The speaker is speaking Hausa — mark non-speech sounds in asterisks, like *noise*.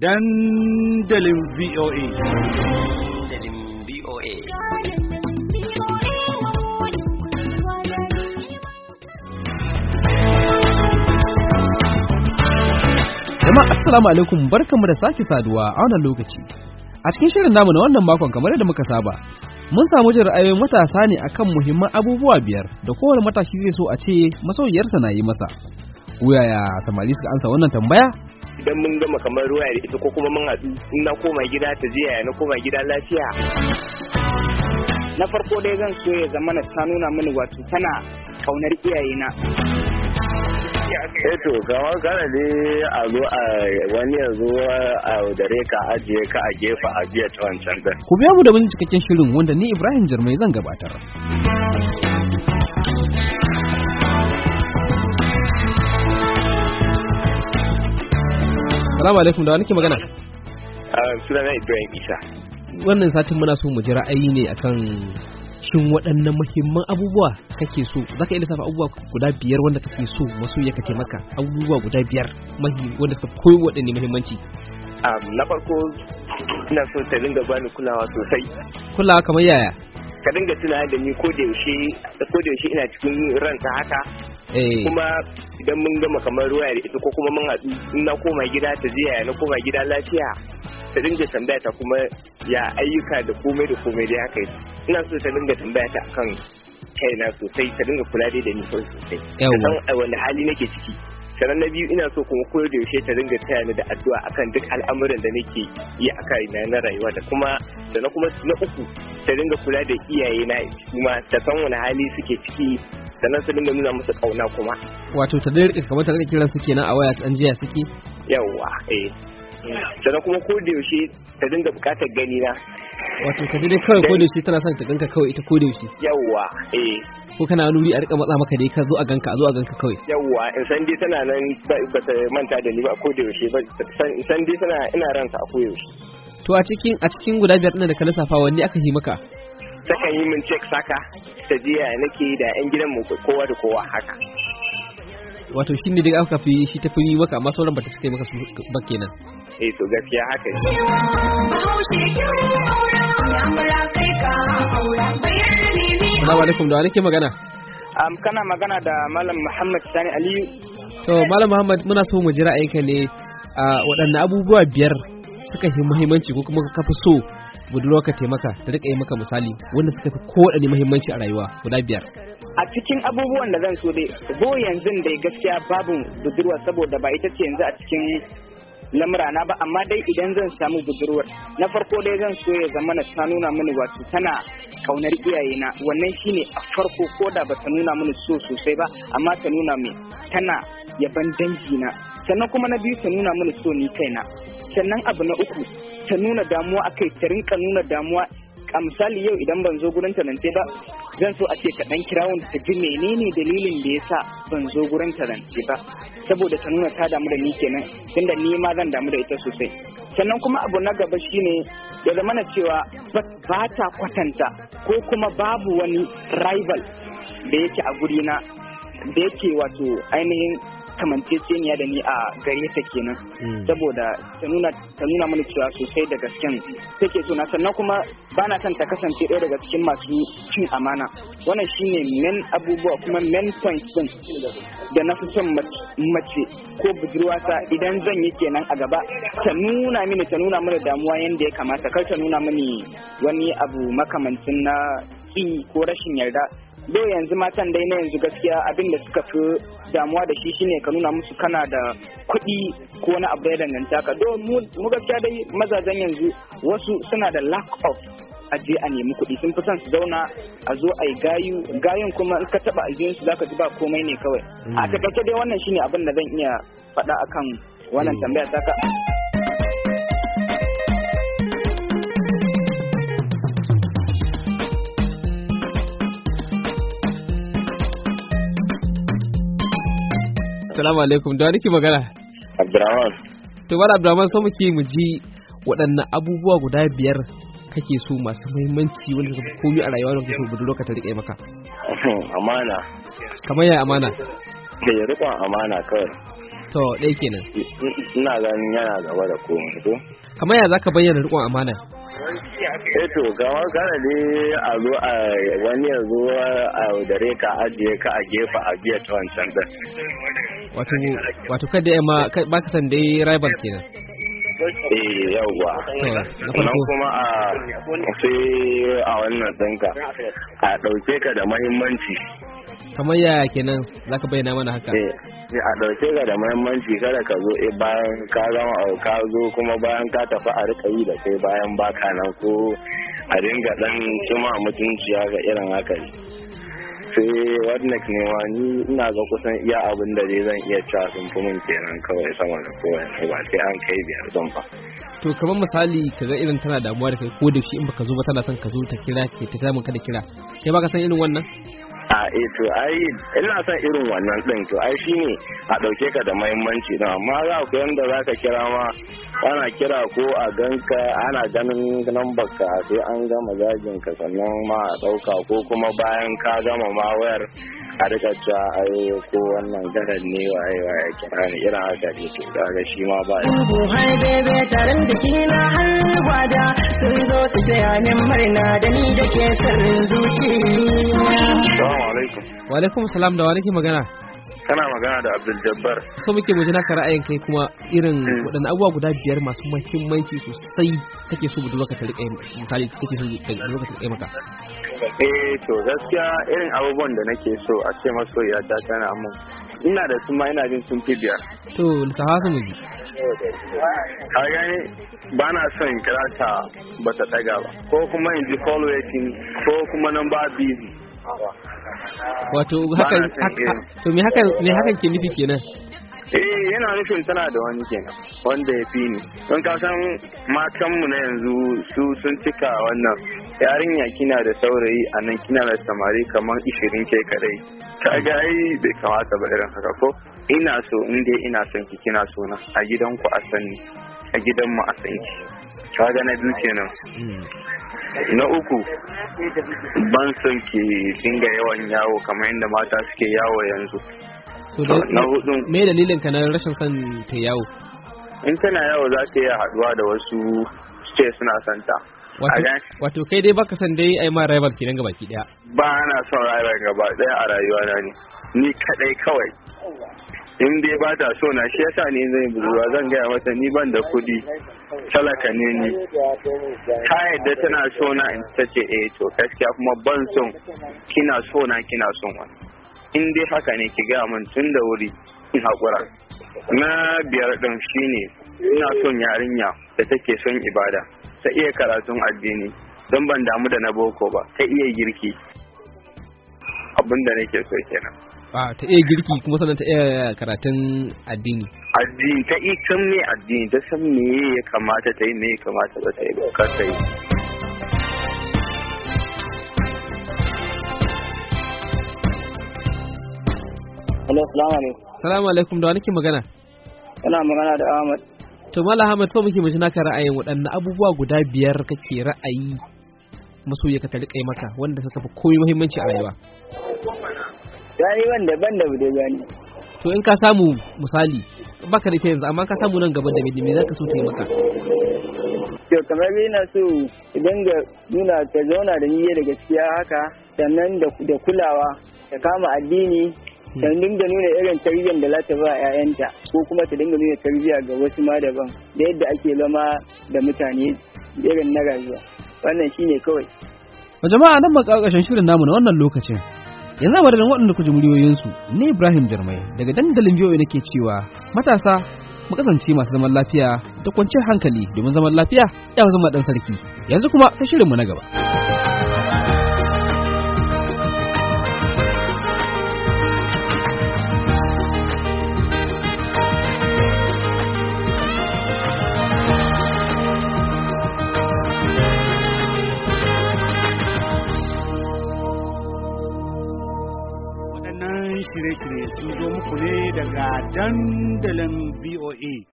dandalin VOA. Dandalin VOA. Jama'a Assalamu alaikum barkanmu da sake saduwa a wannan lokaci. A cikin shirin namu na wannan makon kamar yadda muka saba, mun samu jin ra'ayoyin matasa ne akan muhimman abubuwa biyar da kowane matashi zai so a ce masoyiyarsa na yi masa. Wuyaya, samari suka ansa wannan tambaya? idan mun gama kamar ruwa da ita ko kuma mun haɗu koma gida ta je yaya na koma gida lafiya na farko dai zan so ya zama na ta nuna mini wato tana kaunar iyaye na. Eto, eh kamar kana ne a zo a wani yanzu a dare ka ajiye ka a gefa a biya ta wancan ku biya mu da mun cikakken shirin wanda ni Ibrahim Jarmai zan gabatar Salamu alaikum da nake magana. Ah, na Ibrahim Isa. Wannan satin muna so mu ji ra'ayi ne akan shin waɗannan muhimman abubuwa kake so za ka iya lissafa abubuwa guda biyar wanda kake so masu ya kake maka abubuwa guda biyar wanda su koyi waɗanne muhimmanci. Ah, na farko ina so ta dinga bani kulawa sosai. Kulawa kamar yaya? Ka dinga tunawa da ni ko da yaushe ina cikin ranta haka Eh. kuma idan mun gama kamar ruwa da ita ko kuma mun haɗu in na koma gida ta jiya na koma gida lafiya ta dinga tambaya ta kuma ya ayyuka da komai da komai da haka ina so ta dinga tambaya ta akan kaina sosai ta dinga kula da ni sosai ta san wani hali nake ciki sannan na biyu ina so kuma koyar da yaushe ta dinga taya ni da addu'a akan duk al'amuran da nake yi a kaina na rayuwa da kuma da na kuma na uku ta dinga kula da iyaye na kuma ta san wani hali suke ciki sannan su dinga nuna musu kauna kuma wato ta dai rika kamar ta rika kiran su kenan a waya an jiya suke yawa eh sannan kuma ko da yaushe ta dinga bukatar gani na wato ka dai kawai ko da yaushe tana son ta ganka kawai ita ko da yaushe yawa eh ko kana nuri a rika matsa maka dai ka zo a ganka a zo a ganka kawai yawa in san dai tana nan ba ta manta da ni ba ko da yaushe ba san dai tana ina ransa a ko yaushe to a cikin a cikin guda biyar ɗin da ka lissafa wanne aka yi maka takan yi min cek saka ta jiya nake da yan gidan mu kowa da kowa haka wato shi ne daga aka fi shi ta fi maka amma sauran ba ta cika yi maka ba kenan eh to gaskiya haka ne Assalamu alaikum da wani ke magana um, kana magana da malam Muhammad Sani Aliyu to malam Muhammad muna so mu ji ra'ayinka ne a waɗanne abubuwa biyar suka fi muhimmanci ko kuma ka fi so budurwa ka taimaka ta rika maka misali wanda suka fi kowaɗanne muhimmanci a rayuwa guda biyar. A cikin abubuwan da zan so dai go yanzu dai gaskiya babu budurwa saboda ba ita ce yanzu a cikin lamurana ba amma dai idan zan samu budurwar na farko dai zan so ya zama na ta nuna mini wato tana kaunar iyaye na wannan shine a farko ko da ba ta nuna mini so sosai ba amma ta nuna mai tana yaban dangina sannan kuma na biyu ta nuna mini so ni kaina sannan abu na uku ta nuna damuwa a kai ta rinka nuna damuwa a misali yau idan ban zo gurin ta ba zan so a ce kaɗan kirawun kira ta ji menene dalilin da yasa ban zo gurin ta ba saboda ta nuna ta damu da ni kenan tunda ni ma zan damu da ita sosai sannan kuma abu na gaba shine ya zama na cewa ba ta kwatanta ko kuma babu wani rival da yake a guri na da yake wato ainihin kamanceceniya da ni a gare ta kenan hmm. saboda ta nuna mana cewa sosai da gasken take sannan kuma ba na son ta kasance ɗaya daga cikin masu cin amana wannan shine men abubuwa kuma men points din da na fi son mace ko budurwata idan zan yi kenan a gaba ta nuna mini ta nuna mana damuwa yadda ya kamata kar ta nuna mini wani abu makamancin na ko rashin yarda dai yanzu matan dai na yanzu gaskiya abin da suka fi damuwa da shi shine ka nuna musu kana da kuɗi ko wani abu ya danganta ka do mu gaskiya dai mazajen yanzu wasu suna da lack of a a nemi kuɗi sun fi son su zauna a zo a yi gayu gayun kuma in ka taɓa aljihun su zaka ji ba komai ne kawai a mm. taƙaice dai wannan shine abin da zan iya faɗa akan wannan mm. tambaya ta ka. assalamu alaikum da nake magana abdurrahman to bala abdurrahman so muke mu ji waɗannan abubuwa guda biyar kake so masu muhimmanci wanda ka komi a rayuwa da kake so budurwa ka ta rike maka *laughs* amana kamar ya amana da ya rikon amana kawai to ɗaya kenan ina ganin yana gaba da komai ko kamar ya zaka bayyana rikon amana Eh to kamar kana ne a zo a wani zo a dare ka ajiye ka a gefa a biya ta wancan da. Wato, wato kada ya ma ba ka san dai rival kenan. Eh ba, Sannan kuma a sai a wannan ɗinka a ɗauke ka da mahimmanci. kamar yaya kenan ka bayyana mana haka eh, eh, a ɗauke ka da muhimmanci kada ka zo eh, bayan ka zama ka zo kuma bayan ka tafi a rika yi da kai bayan baka nan ko a dinga dan cima mutunci ga irin haka sai wadnak ne ma ni ina ga kusan iya abin da zai zan iya cewa sun fi mun kenan kawai sama da kowai ba sai an kai biyar zan ba to kamar misali kaga irin tana damuwa da kai ko da shi in baka zo ba tana son ka zo ta kira ke ta samun kada da kira kai baka san irin wannan a eh, to ai ina son irin wannan din to ai shine a dauke ka da muhimmanci din amma za ku yanda za ka kira ma ana kira ko a ganka ana ganin lambar ka sai an gama zagin ka sannan ma a dauka ko kuma bayan ka gama ma wayar a rika ta ai ko wannan garan ne waye waye kira ne irin haka ne to shi ma ba hai bebe tarin da na har gwada sun zo su taya min murna da ni da ke san zuciya alaikum. Wa alaikum salam da wa nake magana? Kana magana da Abdul Jabbar. So muke mu naka ra'ayin kai kuma irin eh. waɗanne abubuwa guda biyar masu muhimmanci sosai kake so budurwa ka rika misali kake so da ya rika maka. Eh to gaskiya irin abubuwan da nake so a ce ya ta tana mun. Ina da su ma ina jin sun fi biyar. To lissafa su mu ji. gani ba na son kira ta ba ta ɗaga ba ko kuma in ji call ko kuma nan ba busy. wato hakan to me hakan me hakan ke nufi kenan eh yana nufin tana da wani kenan wanda ya fi ni don ka san matan mu na yanzu su sun cika wannan yarinya kina da saurayi a nan kina da samari kamar ishirin ke kadai ka ga ai bai kamata ba irin haka ko ina so in dai ina son ki kina so na a gidanku a sanni. a gidanmu a tsinki kaga na biyu kenan na uku ban son ke dinga yawan yawo kamar yadda mata suke yawo yanzu na hudu me dalilin ka na rashin son ta yawo in tana yawo za ta iya haduwa da wasu ce suna santa wato kai dai baka san dai ai ma rival kenan gaba ki daya ba na son rival gaba daya a rayuwa na ne ni kadai kawai in dai ba ta so na shi yasa ne zai budurwa zan gaya mata ni ban da kuɗi talaka ne ni Ta yadda tana so na in ta ce eh to gaskiya kuma ban son kina so na kina son wani in dai haka ne ki gaya min tun da wuri in hakura na biyar ɗin shine ina son yarinya da take son ibada ta iya karatun addini don ban damu da na boko ba ta iya girki abin da nake so kenan a ta iya girki kuma sannan ta iya karatun addini addini ta iya san me addini ta san me ya kamata ta yi me ya kamata ba ta yi ba ka ta yi Hello, salamu alaikum. Salamu alaikum da wani ke magana? Ina magana da Ahmad. To Mala Ahmad so muke mishi ka ra'ayin waɗanne abubuwa guda biyar kake ra'ayi masoya ka riƙe maka wanda suka fi komai muhimmanci a rayuwa. Yayi wanda ban da bude gani. To in ka samu misali baka da yanzu amma ka samu nan gaba da me me zaka so ta yi maka? To kamar na so idan ga nuna ka zauna da niyya da gaskiya haka sannan da kulawa ta kama addini dan hmm. dinga nuna irin tarbiyyar da za ta ba 'ya'yanta ko kuma ta dinga nuna tarbiyya ga wasu ma daban da yadda ake zama da mutane irin na rayuwa wannan shine kawai. jama'a nan ƙarƙashin shirin namu na wannan lokacin yanzu a madadin waɗanda ku ji muryoyinsu ne ibrahim jarmai daga dandalin biyoyi ke cewa matasa mu kasance masu zaman lafiya da kwanciyar hankali domin zaman lafiya ya zama ɗan sarki yanzu kuma sai shirinmu na gaba.